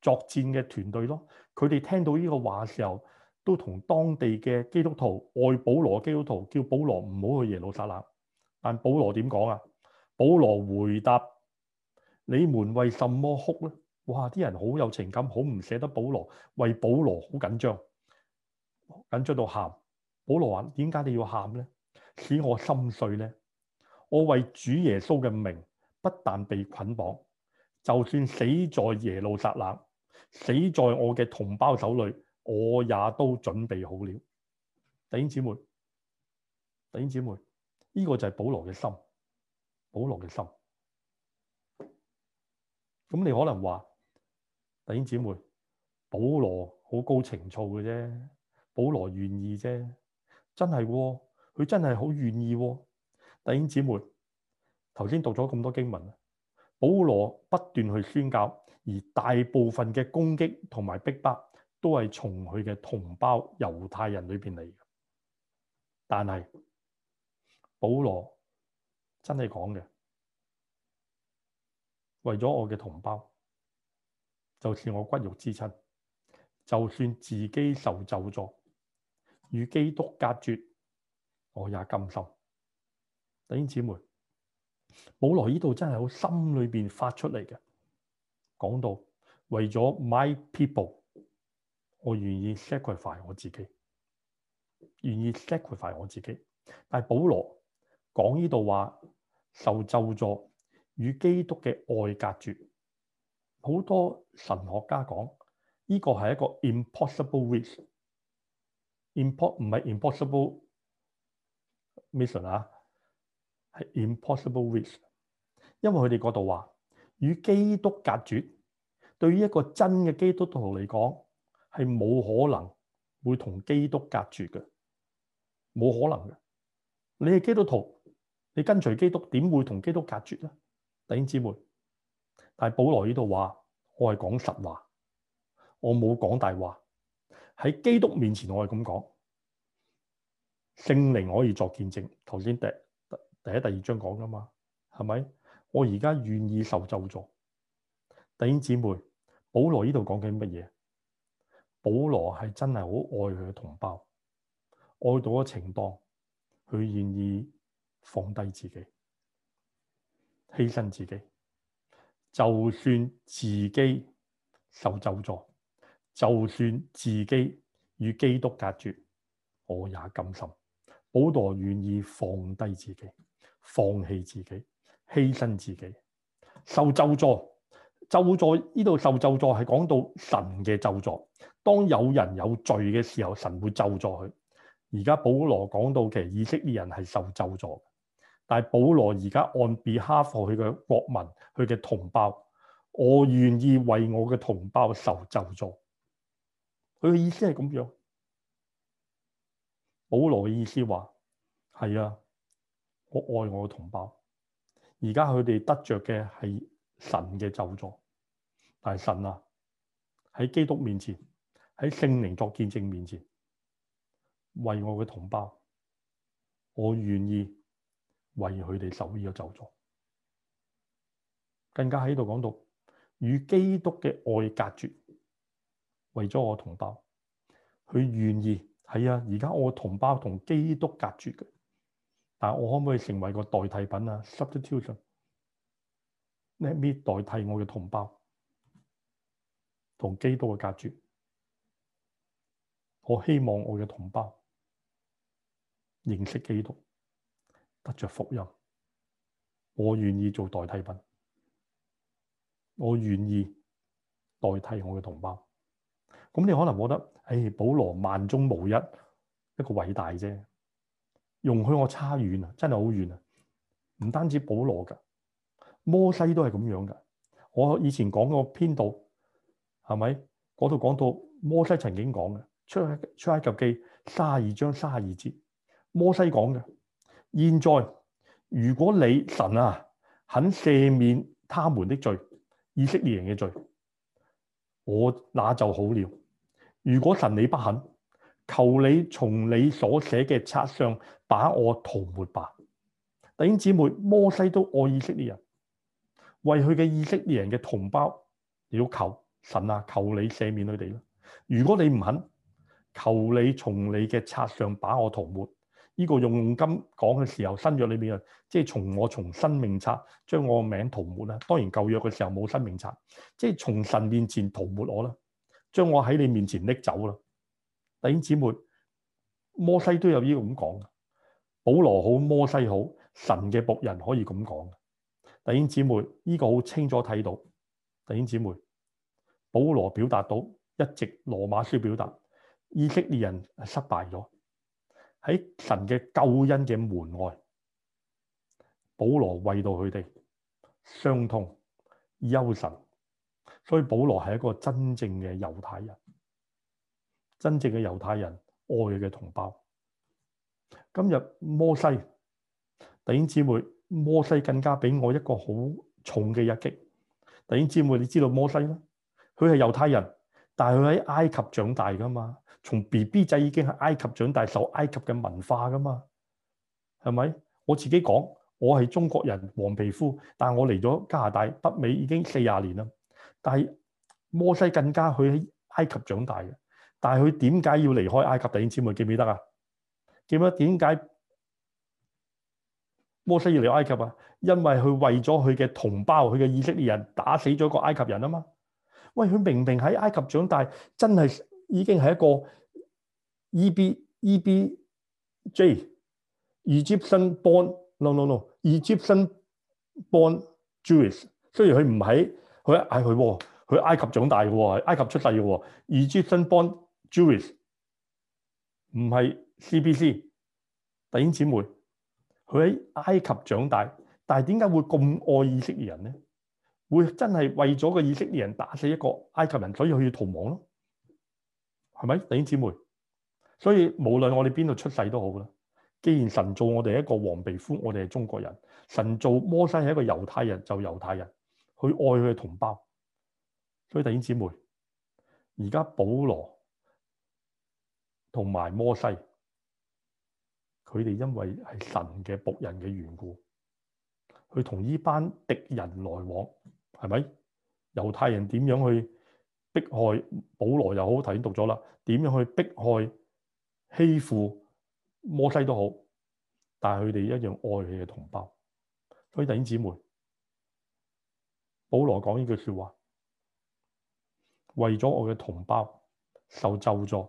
作戰嘅團隊咯。佢哋聽到呢個話時候，都同當地嘅基督徒、愛保羅基督徒叫保羅唔好去耶路撒冷。但保羅點講啊？保羅回答：你們為什麼哭呢？哇！啲人好有情感，好唔捨得保羅，為保羅好緊張，緊張到喊。保羅話：點解你要喊呢？使我心碎呢？我為主耶穌嘅名，不但被捆綁，就算死在耶路撒冷，死在我嘅同胞手裏，我也都準備好了。弟兄姊妹，弟兄姊妹，呢個就係保羅嘅心。保羅嘅心，咁你可能話：弟兄姊妹，保羅好高情操嘅啫，保羅願意啫，真係喎，佢真係好願意喎。弟兄姊妹，頭先讀咗咁多經文，保羅不斷去宣教，而大部分嘅攻擊同埋逼迫都係從佢嘅同胞猶太人裏邊嚟嘅，但係保羅。真係講嘅，為咗我嘅同胞，就算、是、我骨肉之親，就算自己受咒詛，與基督隔絕，我也甘心。弟兄姊妹，保羅呢度真係好心裏邊發出嚟嘅，講到為咗 my people，我願意 sacrifice 我自己，願意 sacrifice 我自己，但係保羅。講呢度話受咒助與基督嘅愛隔絕，好多神學家講呢個係一個 impossible wish，impossible 唔係 impossible mission 啊，係 impossible wish。因為佢哋嗰度話與基督隔絕，對於一個真嘅基督徒嚟講係冇可能會同基督隔絕嘅，冇可能嘅。你係基督徒。你跟隨基督點會同基督隔絕咧？弟兄姊妹，但係保羅呢度話，我係講實話，我冇講大話。喺基督面前，我係咁講，聖靈可以作見證。頭先第一第一，第二章講噶嘛，係咪？我而家願意受咒詛。弟兄姊妹，保羅呢度講緊乜嘢？保羅係真係好愛佢嘅同胞，愛到嘅程度，佢願意。放低自己，犧牲自己，就算自己受咒詛，就算自己與基督隔絕，我也甘心。保羅願意放低自己，放棄自己，犧牲自己，受咒詛，咒詛，呢度受咒詛係講到神嘅咒詛。當有人有罪嘅時候，神會咒詛佢。而家保羅講到，其實以色列人係受咒詛。但係保羅而家按 behalf 佢嘅國民，佢嘅同胞，我願意為我嘅同胞受咒詛。佢嘅意思係咁樣。保羅嘅意思話：係啊，我愛我嘅同胞。而家佢哋得着嘅係神嘅咒詛。但係神啊，喺基督面前，喺聖靈作見證面前，為我嘅同胞，我願意。為佢哋受呢個咒詛，更加喺度講到與基督嘅愛隔絕。為咗我同胞，佢願意係啊！而家我嘅同胞同基督隔絕嘅，但係我可唔可以成為個代替品啊？Substitution，let me 代替我嘅同胞同基督嘅隔絕。我希望我嘅同胞認識基督。得着福音，我願意做代替品，我願意代替我嘅同胞。咁你可能覺得，唉、哎，保羅萬中無一，一個偉大啫，容許我差遠啊，真係好遠啊！唔單止保羅噶，摩西都係咁樣噶。我以前講過篇道，係咪？嗰度講到摩西曾經講嘅《出一出埃及記》三十二章三十二節，摩西講嘅。現在，如果你神啊肯赦免他們的罪，以色列人嘅罪，我那就好了。如果神你不肯，求你從你所寫嘅冊上把我塗抹吧。弟兄姊妹，摩西都愛以色列人，為佢嘅以色列人嘅同胞，要求神啊，求你赦免佢哋。如果你唔肯，求你從你嘅冊上把我塗抹。呢個用金講嘅時候，新約裏面啊，即係從我從生命冊將我個名塗抹啦。當然舊約嘅時候冇生命冊，即係從神面前塗抹我啦，將我喺你面前拎走啦。弟兄姊妹，摩西都有呢個咁講，保羅好，摩西好，神嘅僕人可以咁講。弟兄姊妹，呢個好清楚睇到。弟兄姊妹，保羅表達到，一直羅馬書表達，以色列人失敗咗。喺神嘅救恩嘅門外，保羅為到佢哋傷痛憂愁，所以保羅係一個真正嘅猶太人，真正嘅猶太人愛佢嘅同胞。今日摩西，弟兄姊妹，摩西更加俾我一個好重嘅一擊。弟兄姊妹，你知道摩西咩？佢係猶太人，但係佢喺埃及長大㗎嘛。從 BB 仔已經喺埃及長大，受埃及嘅文化噶嘛，係咪？我自己講，我係中國人，黃皮膚，但係我嚟咗加拿大，北美已經四廿年四十年啦。但係摩西更加佢喺埃及長大嘅，但係佢點解要離開埃及？弟兄姐妹記唔記得啊？記唔記得？點解摩西要離開埃及啊？因為佢為咗佢嘅同胞，佢嘅以色列人打死咗個埃及人啊嘛。喂，佢明明喺埃及長大，真係～已經係一個 E.B.E.B.J. Egyptian born，no no no，Egyptian born no, Jewess。雖然佢唔喺佢喺佢，佢、哎、埃及長大嘅喎，埃及出世嘅 Egyptian born Jewess，唔係 C.B.C. 弟兄姊妹，佢喺埃及長大，但係點解會咁愛以色列人咧？會真係為咗個以色列人打死一個埃及人，所以佢要逃亡咯。係咪弟兄姊妹？所以無論我哋邊度出世都好啦。既然神造我哋一個黃皮膚，我哋係中國人；神造摩西係一個猶太人，就是、猶太人去愛佢嘅同胞。所以弟兄姊妹，而家保羅同埋摩西，佢哋因為係神嘅僕人嘅緣故，佢同呢班敵人來往，係咪？猶太人點樣去？迫害保羅又好，頭先讀咗啦，點樣去迫害，欺負摩西都好，但係佢哋一樣愛佢嘅同胞。所以弟兄姊妹，保羅講呢句說話，為咗我嘅同胞受咒詛，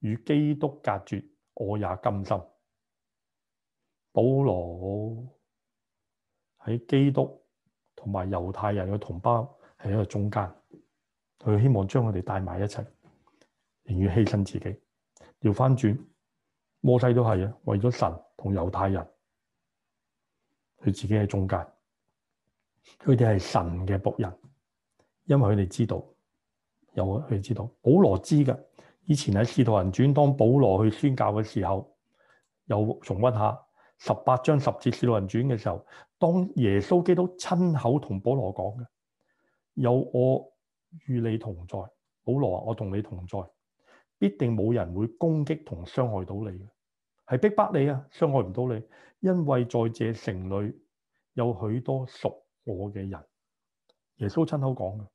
與基督隔絕，我也甘心。保羅喺基督同埋猶太人嘅同胞喺一個中間。佢希望將佢哋帶埋一齊，寧願犧牲自己。調翻轉，摩西都係啊，為咗神同猶太人，佢自己係中介。佢哋係神嘅僕人，因為佢哋知道有我。佢哋知道保羅知嘅。以前喺《使徒行傳》當保羅去宣教嘅時候，又重溫下十八章十節《使徒行傳》嘅時候，當耶穌基督親口同保羅講嘅有我。與你同在，保羅，我同你同在，必定冇人會攻擊同傷害到你嘅，係逼迫，迫你啊，傷害唔到你，因為在這城裏有許多屬我嘅人，耶穌親口講嘅，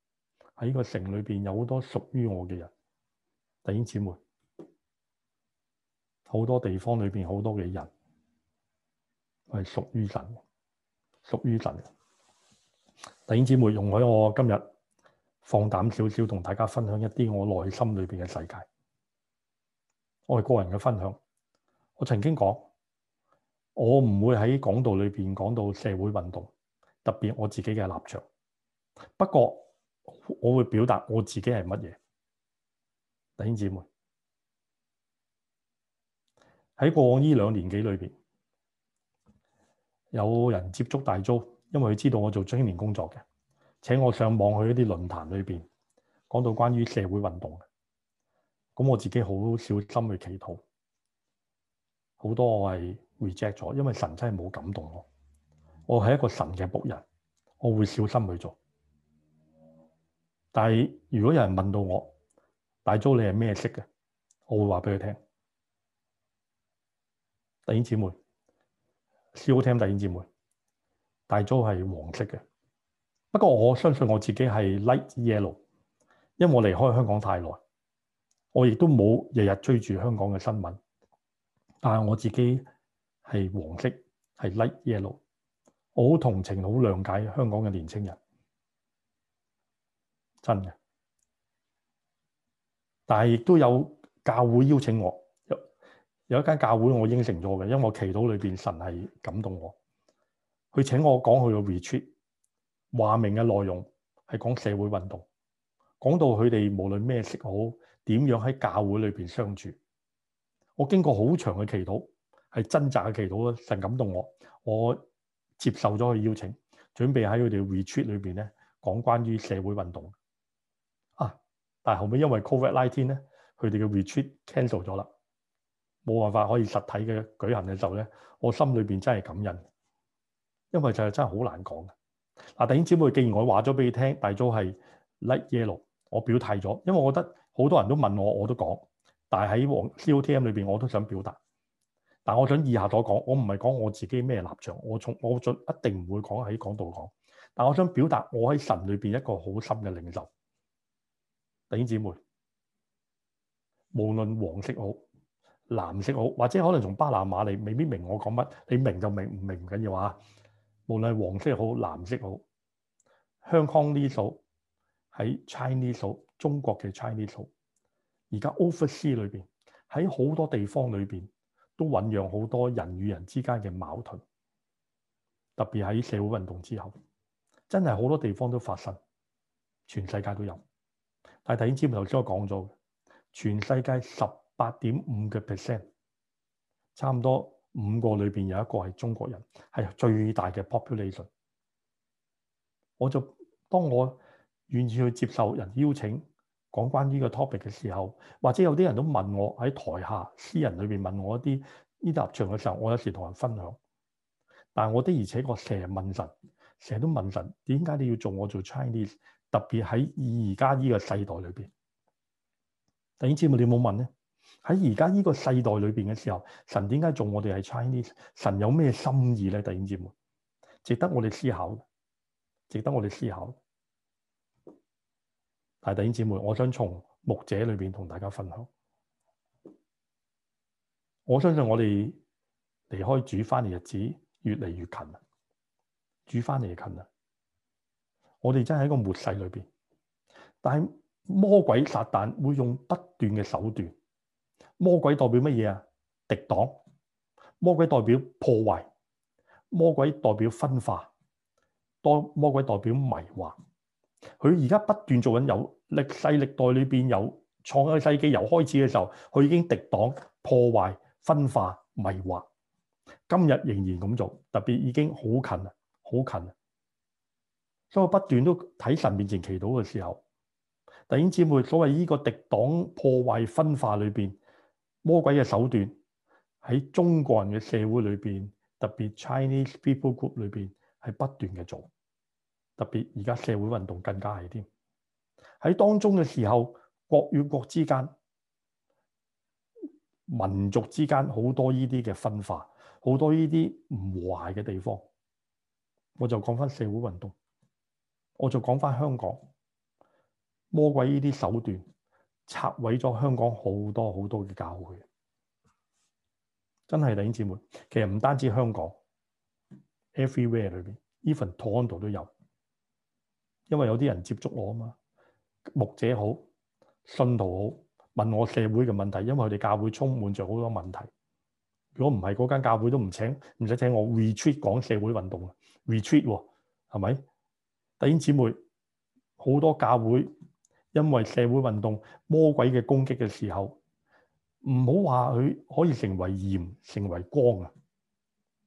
喺個城裏邊有好多屬於我嘅人，弟兄姊妹，好多地方裏邊好多嘅人係屬於神嘅，屬於神，弟兄姊妹，容許我今日。放膽少少，同大家分享一啲我內心裏邊嘅世界。我係個人嘅分享。我曾經講，我唔會喺講道裏邊講到社會運動，特別我自己嘅立場。不過，我會表達我自己係乜嘢，弟兄姐妹。喺過往呢兩年幾裏邊，有人接觸大租，因為佢知道我做青年工作嘅。請我上網去一啲論壇裏面講到關於社會運動嘅，咁我自己好小心去祈禱，好多我係 reject 咗，因為神真係冇感動我。我係一個神嘅僕人，我會小心去做。但係如果有人問到我大租你係咩色嘅？我會話俾佢聽。弟兄姐妹，燒聽，弟兄姐妹，大租係黃色嘅。不過我相信我自己係 light yellow，因為我離開香港太耐，我亦都冇日日追住香港嘅新聞。但是我自己係黃色，係 light yellow。我好同情、好諒解香港嘅年輕人，真嘅。但係亦都有教會邀請我，有，有一間教會我應承咗嘅，因為我祈禱裏面神係感動我，佢請我講佢嘅 retreat。話明嘅內容係講社會運動，講到佢哋無論咩色好，點樣喺教會裏邊相處。我經過好長嘅祈禱，係掙扎嘅祈禱咯，神感動我，我接受咗佢邀請，準備喺佢哋 retreat 裏邊咧講關於社會運動啊。但係後尾因為 covid nineteen 咧，佢哋嘅 retreat cancel 咗啦，冇辦法可以實體嘅舉行嘅時候咧，我心裏邊真係感恩，因為就係真係好難講嗱，弟兄姊妹，既然我話咗俾你聽，大組係 light yellow，我表態咗，因為我覺得好多人都問我，我都講，但係喺黃 COTM 裏邊我都想表達，但我想以下所講，我唔係講我自己咩立場，我從我盡一定唔會講喺講度講，但我想表達我喺神裏邊一個好深嘅領受，弟兄姊妹，無論黃色好、藍色好，或者可能從巴拿馬你未必明我講乜，你明就明，唔明唔緊要緊啊。無論黃色好、藍色好，香港呢數喺 Chinese 數中國嘅 Chinese 數，而家 Office 裏邊喺好多地方裏面，都醖釀好多人與人之間嘅矛盾，特別喺社會運動之後，真係好多地方都發生，全世界都有。但係頭先我講咗，全世界十八點五個 percent，差唔多。五個裏邊有一個係中國人，係最大嘅 population。我就當我願意去接受人邀請講關於個 topic 嘅時候，或者有啲人都問我喺台下私人裏邊問我一啲呢啲立場嘅時候，我有時同人分享。但係我的而且我成日問神，成日都問神點解你要做我做 Chinese？特別喺而家呢個世代裏邊，點解冇你有冇問咧？喺而家呢個世代裏邊嘅時候，神點解做我哋係 Chinese？神有咩心意咧？弟兄姊妹，值得我哋思考，值得我哋思考。但係弟兄姐妹，我想從牧者裏邊同大家分享，我相信我哋離開主翻嘅日子越嚟越近啦，主翻嚟近啦，我哋真係喺個末世裏邊，但係魔鬼撒旦會用不斷嘅手段。魔鬼代表乜嘢啊？敵黨，魔鬼代表破壞，魔鬼代表分化，當魔鬼代表迷惑。佢而家不斷做緊有歷世歷代裏邊有創世紀由開始嘅時候，佢已經敵黨破壞分化迷惑，今日仍然咁做，特別已經好近啊，好近啊。所以我不斷都喺神面前祈禱嘅時候，弟兄姊妹，所謂呢個敵黨破壞分化裏邊。魔鬼嘅手段喺中國人嘅社會裏面，特別 Chinese People Group 裏面係不斷嘅做，特別而家社會運動更加係添。喺當中嘅時候，國與國之間、民族之間好多依啲嘅分化，好多依啲唔壞嘅地方。我就講返社會運動，我就講返香港魔鬼依啲手段。拆毀咗香港好多好多嘅教會，真係弟兄姊妹，其實唔單止香港，everywhere 裏邊，even Toronto 都有，因為有啲人接觸我啊嘛，牧者好，信徒好，問我社會嘅問題，因為佢哋教會充滿著好多問題。如果唔係嗰間教會都唔請，唔使請我 retreat 講社會運動啊，retreat 喎，係咪？弟兄姊妹，好多教會。因為社會運動魔鬼嘅攻擊嘅時候，唔好話佢可以成為鹽，成為光啊！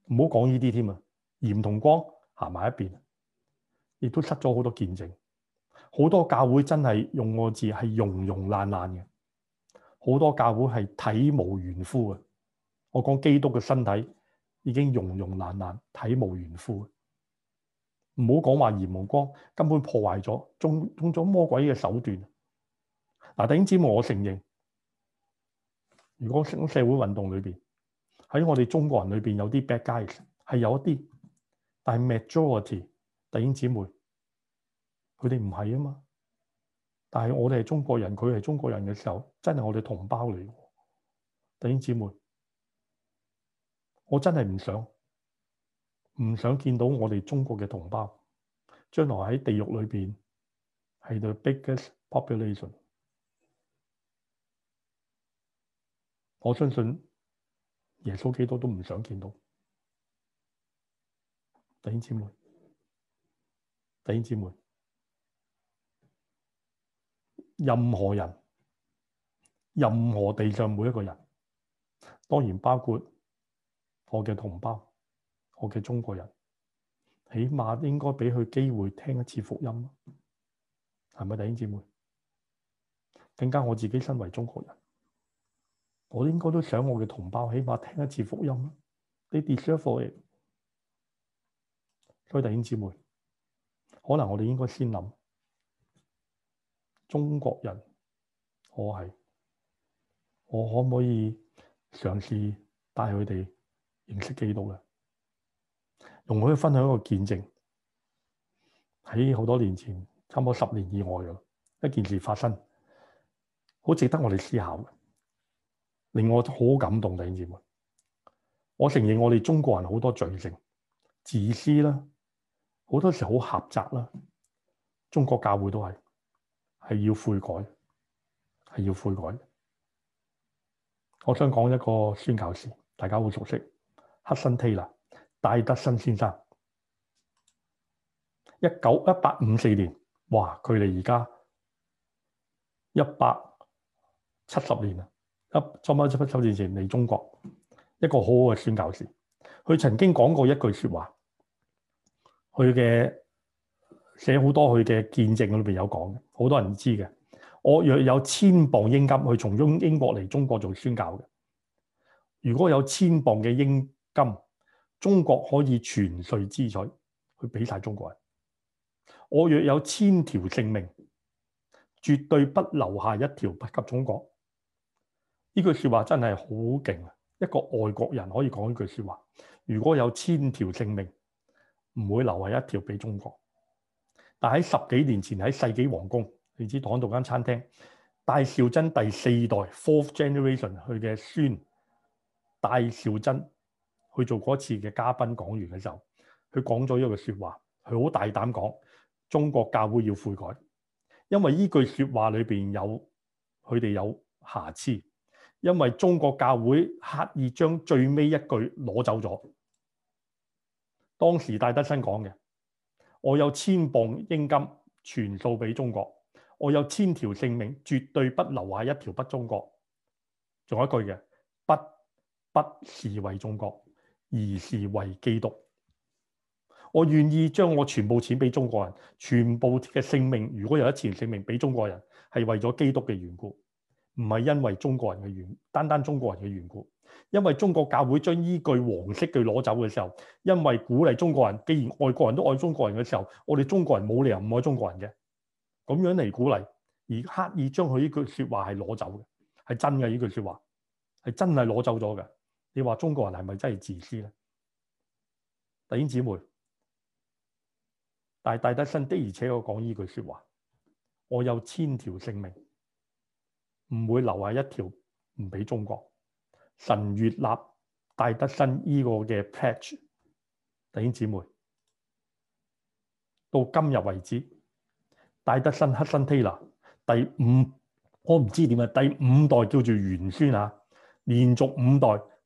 唔好講呢啲添啊，鹽同光行埋一邊，亦都失咗好多見證。好多教會真係用個字係溶溶爛爛嘅，好多教會係體無完膚啊！我講基督嘅身體已經溶溶爛爛，體無完膚。唔好講話炎黃光，根本破壞咗，中中咗魔鬼嘅手段。嗱，弟兄姊妹，我承認，如果社會運動裏面，喺我哋中國人裏面有些人，有啲 bad guys 係有一啲，但係 majority 弟兄姊妹，佢哋唔係啊嘛。但係我哋係中國人，佢係中國人嘅時候，真係我哋同胞嚟。弟兄姊妹，我真係唔想。唔想見到我哋中國嘅同胞，將來喺地獄裏邊係 the biggest population。我相信耶穌基督都唔想見到。弟兄姊妹，弟兄姊妹，任何人，任何地上每一個人，當然包括我嘅同胞。我嘅中國人，起碼應該俾佢機會聽一次福音咯，係咪弟兄姐妹？更加我自己身為中國人，我應該都想我嘅同胞起碼聽一次福音。你 deserve for it，所以弟兄姐妹，可能我哋應該先諗中國人，我係，我係我可唔可以嘗試帶佢哋認識基督呢？容我分享一個見證，喺好多年前，差唔多十年以外嘅一件事發生，好值得我哋思考，令我好感動。弟兄，我承認我哋中國人好多罪性，自私啦，好多時好狹窄啦，中國教會都係，係要悔改，係要悔改。我想講一個宣教士，大家好熟悉，黑森梯啦。戴德生先生，一九一八五四年，哇！距離而家一百七十年啦，一唔百七不，三十年前嚟中國，一個好好嘅宣教士。佢曾經講過一句説話，佢嘅寫好多佢嘅見證裏邊有講嘅，好多人知嘅。我若有千磅英金去從英國嚟中國做宣教嘅，如果有千磅嘅英金。中國可以全數支取去俾曬中國人。我若有千條性命，絕對不留下一條不給中國。呢句説話真係好勁啊！一個外國人可以講呢句説話。如果有千條性命，唔會留下一條俾中國。但喺十幾年前喺世紀皇宮，你知擋到間餐廳，戴兆珍第四代 （fourth generation） 佢嘅孫戴兆珍。去做嗰次嘅嘉賓講完嘅時候，佢講咗一句説話，佢好大膽講中國教會要悔改，因為呢句説話裏邊有佢哋有瑕疵，因為中國教會刻意將最尾一句攞走咗。當時戴德生講嘅：我有千磅英金傳授俾中國，我有千條性命，絕對不留下一條不中國。仲有一句嘅：不不視為中國。而是為基督，我願意將我全部錢俾中國人，全部嘅性命。如果有一錢性命俾中國人，係為咗基督嘅緣故，唔係因為中國人嘅緣，單單中國人嘅緣故。因為中國教會將依句黃色句攞走嘅時候，因為鼓勵中國人，既然外國人都愛中國人嘅時候，我哋中國人冇理由唔愛中國人嘅。咁樣嚟鼓勵，而刻意將佢呢句説話係攞走嘅，係真嘅呢句説話，係真係攞走咗嘅。你話中國人係咪真係自私咧？弟兄姊妹，但係戴德生的而且我講呢句説話，我有千條性命，唔會留下一條唔俾中國神越立戴德生呢個嘅 patch。弟兄姊妹，到今日為止，戴德生 Hudson Taylor 第五，我唔知點啊，第五代叫做玄孫啊，連續五代。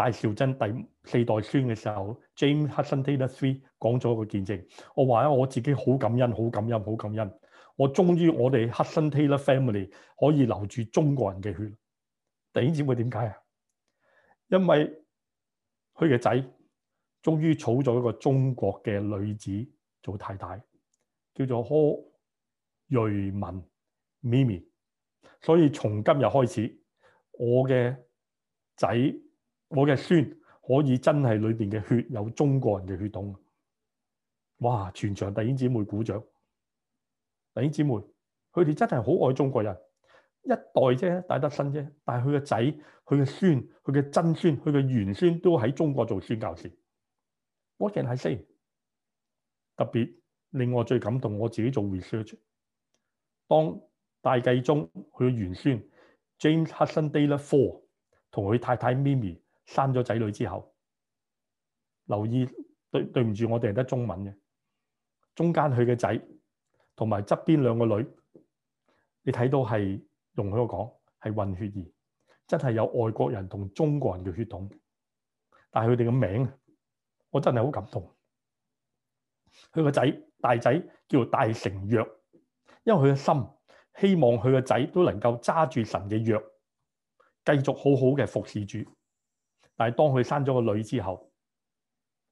戴兆真第四代孫嘅時候，James Hudson Taylor III 講咗一個見證。我話咧，我自己好感恩，好感恩，好感恩。我終於我哋 Hudson Taylor Family 可以留住中國人嘅血。弟兄姊妹點解啊？因為佢嘅仔終於娶咗一個中國嘅女子做太太，叫做柯瑞文 Mimi。所以從今日開始，我嘅仔，我嘅孫可以真係裏面嘅血有中國人嘅血統，哇！全場弟兄姊妹鼓掌。弟兄姊妹，佢哋真係好愛中國人，一代啫，戴德生啫。但係佢嘅仔、佢嘅孫、佢嘅曾孫、佢嘅玄孫都喺中國做宣教師。What can I say？特別令我最感動，我自己做 research，當戴繼宗佢嘅玄孫 James Hudson Taylor Four 同佢太太 Mimi。生咗仔女之後，留意，對對唔住我哋係得中文嘅，中間佢嘅仔同埋側邊兩個女，你睇到係容許我講係混血兒，真係有外國人同中國人嘅血統。但係佢哋嘅名，我真係好感動。佢個仔大仔叫大成藥，因為佢嘅心希望佢嘅仔都能夠揸住神嘅藥，繼續好好嘅服侍主。但係當佢生咗個女之後，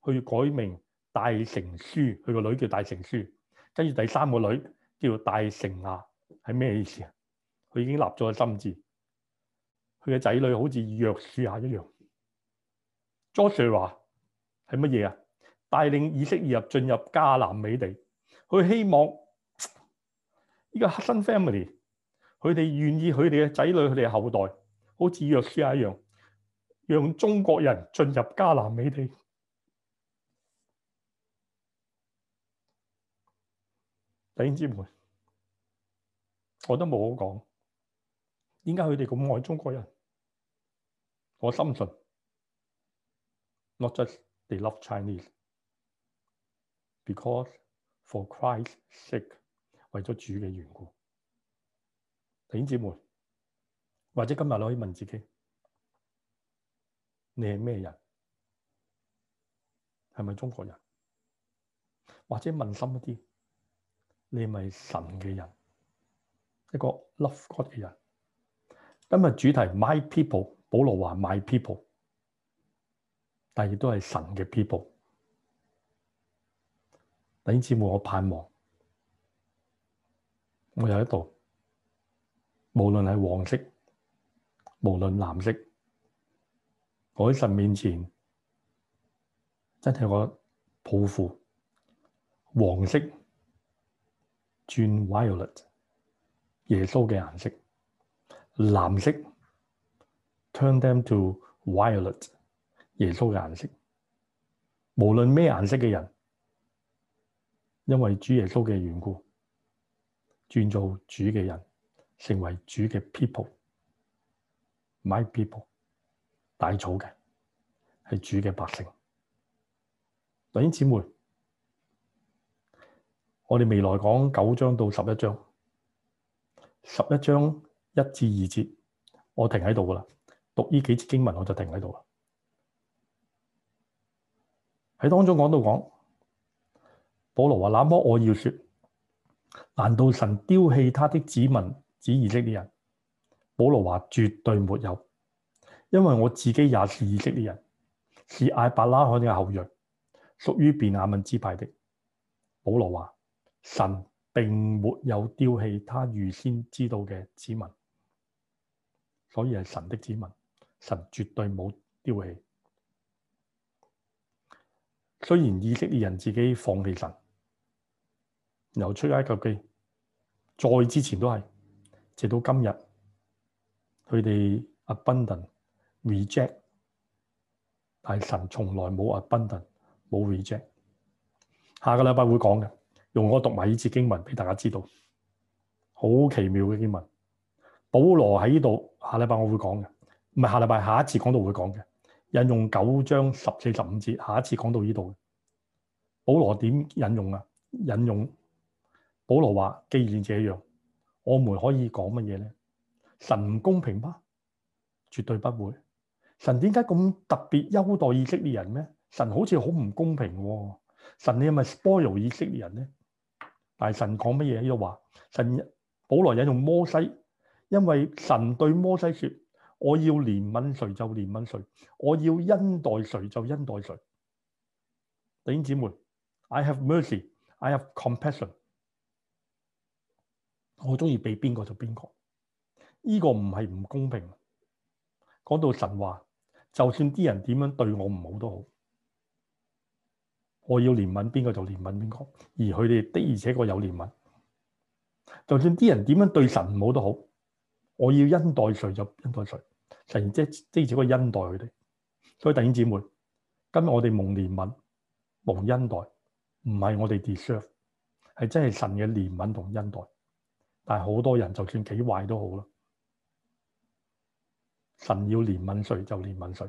佢改名大成書，佢個女叫大成書，跟住第三個女叫大成亞，係咩意思啊？佢已經立咗個心智。佢嘅仔女好似約書亞一樣。Joshua 話係乜嘢啊？帶領以色列人進入迦南美地，佢希望呢個黑身 family，佢哋願意佢哋嘅仔女佢哋嘅後代好似約書亞一樣。讓中國人進入迦南美地，弟兄姊妹，我都冇好講，點解佢哋咁愛中國人？我深信，Not just they love Chinese，because for Christ's sake，為咗主嘅緣故，弟兄姊妹，或者今日你可以問自己。你係咩人？係咪中國人？或者問深一啲，你係咪神嘅人？一個 love God 嘅人。今日主題 My people，保羅話 My people，但亦都係神嘅 people。弟兄姊妹，我盼望我有一道，無論係黃色，無論藍色。我喺神面前真係我抱負，黃色轉 violet，耶穌嘅顏色；藍色 turn them to violet，耶穌嘅顏色。無論咩顏色嘅人，因為主耶穌嘅緣故，轉做主嘅人，成為主嘅 people，my people。大草嘅係主嘅百姓。弟兄姊妹，我哋未來講九章到十一章，十一章一至二節，我停喺度噶啦。讀呢幾節經文，我就停喺度啦。喺當中講到講保羅話，那麼我要說，難道神丟棄他的子民、子兒息啲人？保羅話絕對沒有。因為我自己也是以色列人，是艾伯拉罕的後裔，屬於便雅憫支派的。保羅話：神並沒有丟棄他預先知道嘅子民，所以係神的子民，神絕對冇丟棄。雖然以色列人自己放棄神，由出埃及記再之前都係，直到今日，佢哋 abandon。reject，但神從來冇啊，abandon 冇 reject。下個禮拜會講嘅，用我讀埋呢節經文俾大家知道，好奇妙嘅經文。保羅喺呢度下禮拜我會講嘅，唔係下禮拜，下一次講到會講嘅。引用九章十四十五節，下一次講到呢度。保羅點引用啊？引用保羅話：，既然這樣，我們可以講乜嘢呢？神唔公平嗎？絕對不會。神點解咁特別優待以色列人咩？神好似好唔公平喎，神你係咪 spoil 以色列人咧？但係神講乜嘢呢？呢度話？神保羅引用摩西，因為神對摩西說：我要憐憫誰就憐憫誰，我要恩待誰就恩待誰。弟兄姊妹，I have mercy, I have compassion 我誰誰。我中意俾邊個就邊個，呢個唔係唔公平。講到神話。就算啲人點樣對我唔好都好，我要憐憫邊個就憐憫邊個，而佢哋的而且確有憐憫。就算啲人點樣對神唔好都好，我要恩待誰就恩待誰，神即係即係只個恩待佢哋。所以弟兄姊妹，今日我哋蒙憐憫、蒙恩待，唔係我哋 deserve，係真係神嘅憐憫同恩待。但係好多人就算幾壞都好啦。神要憐憫誰就憐憫誰，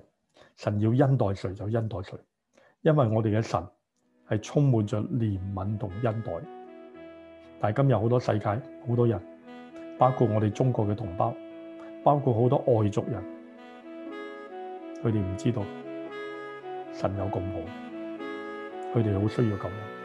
神要恩待誰就恩待誰，因為我哋嘅神係充滿着憐憫同恩待，但今日好多世界好多人，包括我哋中國嘅同胞，包括好多外族人，佢哋唔知道神有咁好，佢哋好需要救。